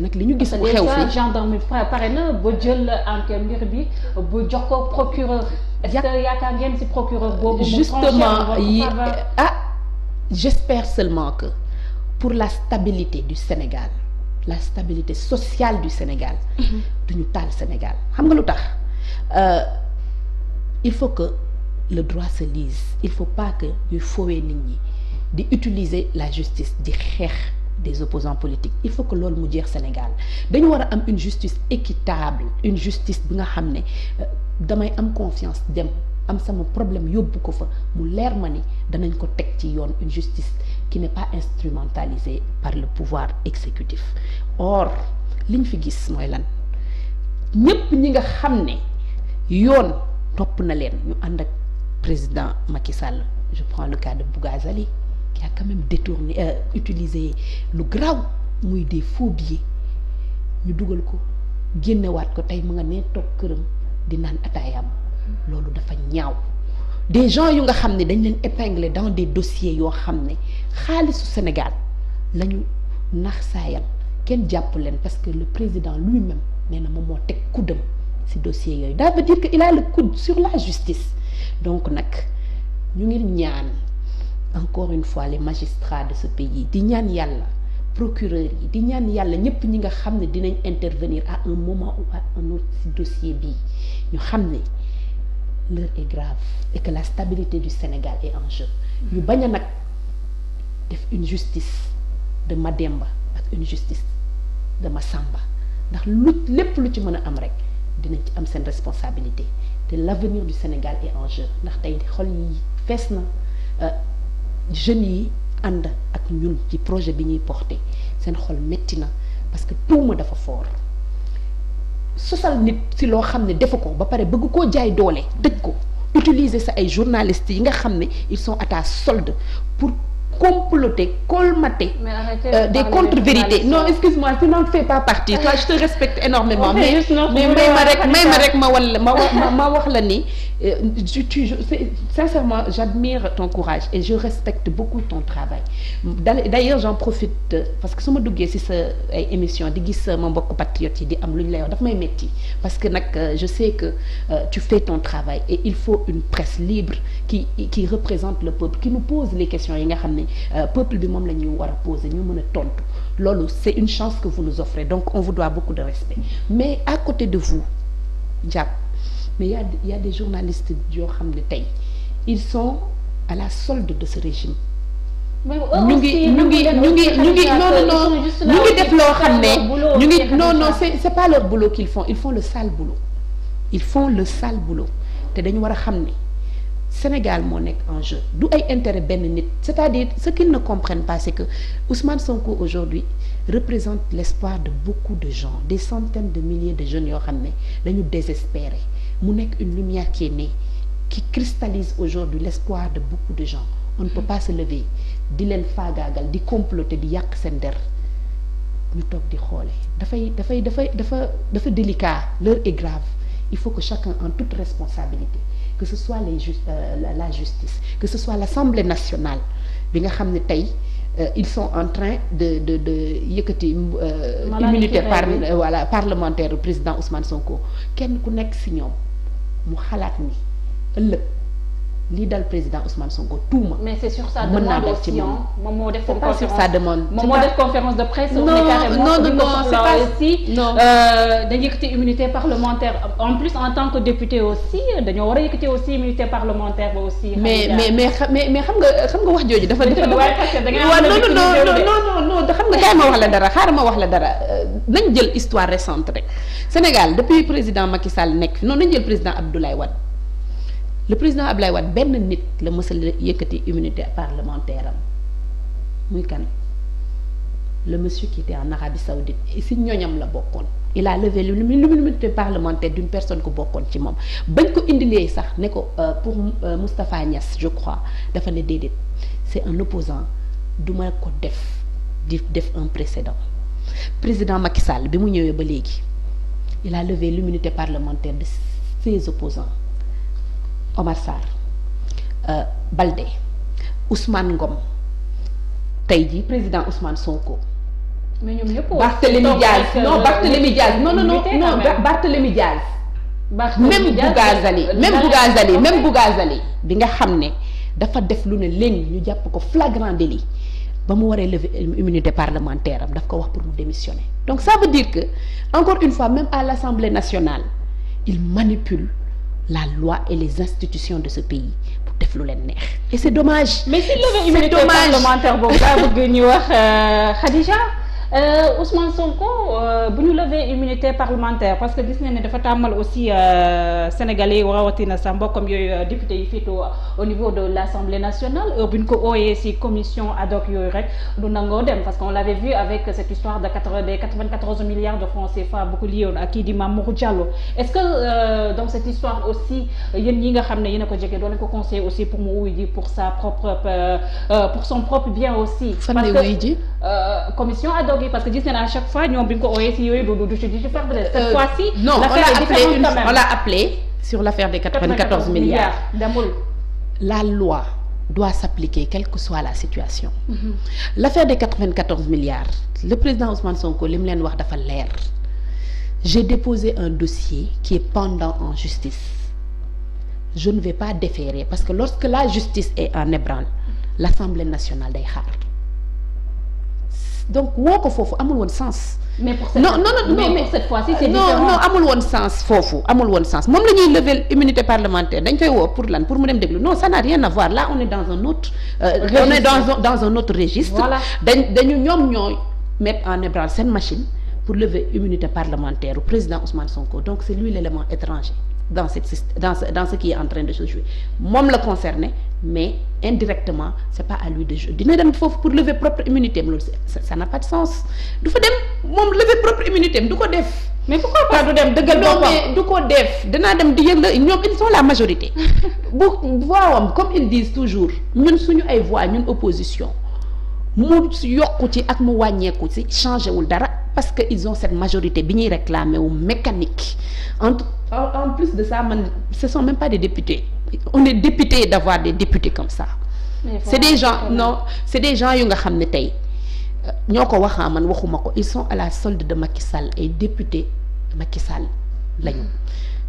nag li ñu gis. bu xew fi gendarme pare na ba jël enquête mbir bi ba jox ko procureur. yaakaar ngeen ci procureur boobu. justement yi ah j'espère seulement que pour la stabilité du Sénégal la stabilité sociale du Sénégal. Mhm. duñu taal Sénégal xam nga lu tax euh, il faut que le droit se lise il faut pas que ñuy fowee nit ñi di utiliser la justice di xeex. des opposants politiques il faut que loolu mu jeex Sénégal dañu war a am une justice équitable une justice bi nga xam ne euh, damay am confiance dem am sama problème yóbbu ko fa mu leer ma ni danañ ko teg ci yoon une justice qui n'est pas instrumentalisée par le pouvoir exécutif or liñ fi gis mooy lan ñépp ñi nga xam ne yoon topp na leen ñu ànd ak président Macky Sall je prends le cas de Bougazali qui a quand même détourné euh, utilisé lu garaaw muy des faux billets ñu dugal ko génnewaat ko tey mu nga ne toog këram di naan ataayaam loolu dafa ñaaw des gens yu nga xam ne dañ leen épingler dans des dossier yoo xam ne xaalisu Sénégal lañu nax saayal kenn jàpp leen parce que le président lui-même nee na moom moo teg kuddam ci dossier yooyu daa veut dire que coude sur la justice donc nag ñu ngi ñaan. encore une fois les magistrats de ce pays di ñaan yàlla procureur yi di ñaan yàlla ñëpp ñi nga xam ne dinañ intervenir à un moment ou à un autre ci dossier bii ñu xam ne l'heure est grave et que la stabilité du Sénégal est en ñu bañ a nag def une justice de Mademba ak une justice de Massamba ndax lu lépp lu ci mën a am rek dinañ ci am seen responsabilité te l'avenir du Sénégal est en ndax tey xol yi fees na euh, jeunes yi ànd ak ñun ci projet bi ñuy porté seen xol metti na parce que tuuma dafa foor sosal nit si loo xam ne defu ko ba pare bëgg koo jaay doole tëj ko utiliser sa ay journalistes yi nga xam ne il sont à sold solde pour comploter colmater euh, des contre-vérités non excuse-moi tu n'en fais pas partie ah. toi je te respecte énormément mais mais may ma rek ma rek ma wax la ni euh, tu tu sincèrement j'admire ton courage et je respecte beaucoup ton travail d'ailleurs j'en profite euh, parce que su ma duggee si sa émission di gis ma mbokk patriote yi di am lu ñu lay wax dafa may metti parce que nag euh, je sais que tu fais ton travail et il faut une presse libre qui qui représente le peuple qui nous yi nga xam ne ni euh, peuple bi moom la ñu war a poser ñu mën a tontu loolu c'est une chance que vous nous offrez donc on vous doit beaucoup de respect mais à côté de vous jàpp mais y a y yoo xam ne tey ils sont à la solde de ce régime. ñu ngi ñu ngi ñu ngi ñu ngi non ñu ngi def loo xam ne ñu ngi non non c'est c'est pas leur boulot qu'ils font ils font le sale boulot ils font le sale boulot te dañu war a xam ne. Sénégal moo nekk un jeu du ay intérêt benn nit c'est-à-dire ce qu'ils ne comprennent pas c'est que Ousmane Sonko aujourd'hui représente l'espoir de beaucoup de gens des centaines de milliers de jeunes yoo xam ne dañu désespéré mu nekk une lumière qui est née qui cristallise aujourd'hui l'espoir de beaucoup de gens on ne peut pas lever di leen faagaagal di comploter di yàq seen der ñu toog di xoole dafay dafay dafay dafa dafa délicat leur est il faut que chacun en toute responsabilité que ce soit les ju euh, la justice que ce soit l'Assemblée nationale bi nga xam ne tey euh, ils sont en train de de de yëkkati euh, immunité par voilà parlementaire président Ousmane Sonko kenn ku nekk si ñoom mu xalaat ni ëllëg lii dal président Ousmane Sonko tuuma. mais c'est sur sa demande aussi moom moo def. conférence sur sa demande. moom moo def conférence de presse. non non non c'est pas aussi euh, dañu yëkkati immunité parlementaire en plus en tant que député aussi dañoo war a yëkkati aussi immunité parlementaire ba aussi. mais mais mais mais xam nga xam nga wax jooju dafa. dafa dafa waaw non non non non xam nga kaay ma wax la dara xaaral ma wax la dara euh, nañ jël histoire récente rek Sénégal depuis président Macky Sall nekk non nañ jël président Abdoulaye Wade. le président Ablaye Wade benn nit la mës a yëkkati immunité parlementaire am muy kan le monsieur qui était en Arabie Saoudite et si ñoñam la bokkoon il a levé l'immunité parlementaire d'une personne ku bokkoon ci moom bañ ko indilee sax ne ko euh, pour euh, Moustapha Niass je crois dafa ne déedéet c'est un opposant duma ko def di def un précédent président Macky Sall bi mu ñëwee ba léegi il a levé l'immunité parlementaire de ses opposants Omar Sarr euh, Baldé Ngom tey jii président Ousmane Sonko. mais ñoom ñëpp woo. Barthélémy Diaz non Barthélémy Diaz non non non non Barthélémy Diaz. même Bougazali même bi nga xam ne dafa def lu ne léegi ñu jàpp ko flagrant délit ba mu waree lever immunité parlementaire am daf ko wax pour mu démissionner donc ça veut dire que encore une fois même à l'Assemblée nationale il manipule. la loi et les institutions de ce pays pour def lu leen neex et c'est dommage mais si levée immunité parlementaire boobu daa bëgg ñu wax euh, Khadija Euh, Ousmane Sonko euh, bu ñu lever immunité parlementaire parce que gis nañ ne dafa tàmmal aussi euh, sénégalais yi rawatina sa mbokkam yooyu député yi féetoo au niveau de l' assemblée nationale heure bu ñu ko ooyee si commission ad hoc yooyu rek du nangoo dem parce que on l' vu avec cette histoire de quatre des quatre vingt quatorze milliards de francs CFA bu ko liyoon ak kii di Mamour Diallo est ce que donc cette histoire aussi yéen ñi nga xam ne yéen a ko jege doo leen ko conseiller aussi pour mu wuy ji pour sa propre pour son oui parce que gis nañ à chaque fois ñoom bi ñu ko ooyee si yooyu du du du ci perte de. cette euh, fois-ci. non l'affaire est différente quand même on l'a appelé sur l'affaire des 94 milliards d'amul la loi doit s'appliquer quelle que soit la situation. Mm-hmm. l'affaire des 94 milliards le président Ousmane Sonko li mu leen wax dafa leer j'ai déposé un dossier qui est pendant en justice je ne vais pas déférer parce que lorsque la justice est en ébranle l'Assemblée nationale day xaar. donc woo ko foofu amul woon sens. mais pour cette non mais cette fois-ci c'est amul woon sens foofu amul woon sens moom la ñuy lever immunité parlementaire dañ koy woo pour lan pour mu dem déglu no ça n'a rien à voir on est dans un autre. Euh, on est dans un dans un dañ dañu ñoom ñooy mettre en ébranle seen machine pour lever immunité parlementaire au président Ousmane Sonko donc c'est lui l'élément étranger. dans cette dans ce, dans ce qui est en train de se jouer moom la concerné mais indirectement c'est pas à lui de jouer dina dem foofu pour lever propre immunité am loolu ça n'a pas sens du fa dem moom lever propre immunité am du ko def mais pourquoi pas du dem dëggal boppam du ko def danaa dem di yëg la ñoom il sont la majorité bu voix comme ils disent toujours ñun suñu ay voix ñun opposition mu yokku ci ak mu wàññeeku ci changé wul dara parce que ils ont majorité bi ñuy réclamer wu mécanique entre en plus de ça man ce sont même pas des députés on député d'avoir des députés comme ça c'est des gens non c'est des gens yu nga xam ne tey euh, ñoo ko waxaa man waxuma ko il son à la solde de Macky Sall ay député Macky Sall lañu mm.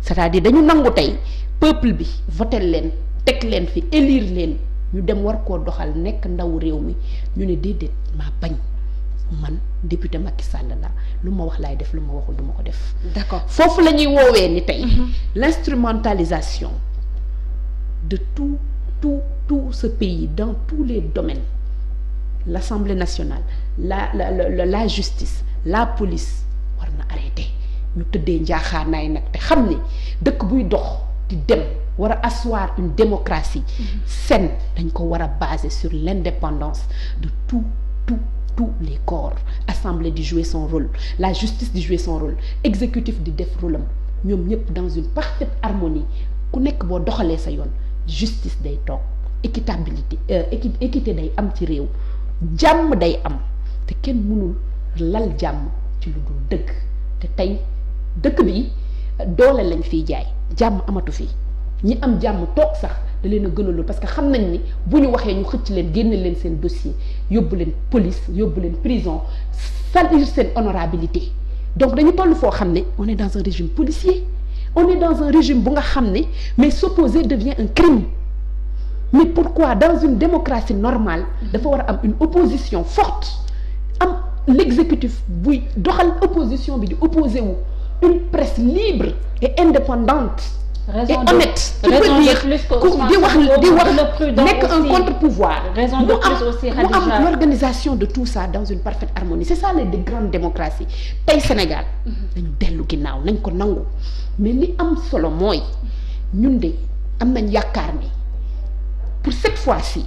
cest à di dañu nangu tey peuple bi votel leen teg leen fi élire leen ñu dem war koo doxal nekk ndaw réew mi ñu ne déedéet maa bañ man député Macky Sall la lu ma wax laay def lu ma waxul duma ko def. d'accord foofu la ñuy woowee ni tey. Mhm. l'instrumentalisation de tout tout tout ce pays dans tous les domaines l'Assemblée nationale la la la la justice la police war na arrêté ñu tëddee njaaxaanaay nag te xam ni dëkk buy dox di dem. war a une démocratie mhm. saine dañ ko war a baser sur l'indépendance de tout tout tous les corps assemblée di jouer son rôle la justice di jouer son rôle exécutif di def rôle ñoom ñëpp dans une parfaite harmonie ku nekk boo doxalee sa yoon justice day toog équitabilité euh, équité day am ci réew jàmm day am te kenn mënul lal jàmm ci lu dul dëgg te tey dëkk bi doole lañ fiy jaay jàmm amatu fi ñi am jàmm toog sax da leen a gënaloon parce que xam nañ ni bu ñu waxee ñu xëcc leen génne leen seen dossier yóbbu leen police yóbbu leen prison salir seen honorabilité donc dañu toll foo xam ne on est dans un régime policier on est dans un régime bu nga xam ne mais s'opposer devient un crime mais pourquoi dans une démocratie normale dafa war a am une opposition forte am l'exécutif buy doxal opposition bi di opposé wu une presse libre et indépendante raison et honnête. tu peux dire di wax di wax nekk un contre-pouvoir. de mu am mu am l'organisation de tout ça dans une parfaite harmonie c'est ça les de grandes démocraties tey Sénégal. Mhm. nañu dellu ginnaaw nañ ko nangu mais li am solo mooy ñun de am nañ yaakaar ni pour cette fois-ci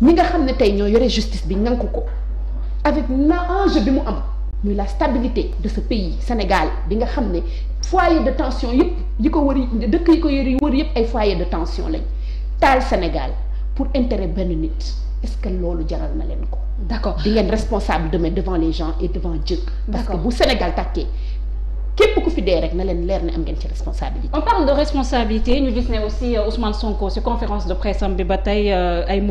ñi nga xam ne tey ñoo yore justice bi nangu ko avec na enjeu bi mu am. muy la stabilité de ce pays Sénégal bi nga xam ne foyer de tension yëpp yi ko wër dëkk yi ko yëri wër yëpp ay foyer de tension lañ taal Sénégal pour intérêt benn nit est-ce que loolu jaral na leen ko. d'accord di ngeen responsable demain devant les gens et devant Dieu. parce bu Sénégal tàkkee. képp ku fi dee rek na leen leer ne am ngeen ci responsabilité. on parle de responsabilité ñu gis ne aussi euh, Ousmane Sonko ci conférence de presse am bi ba tey euh, ay mots.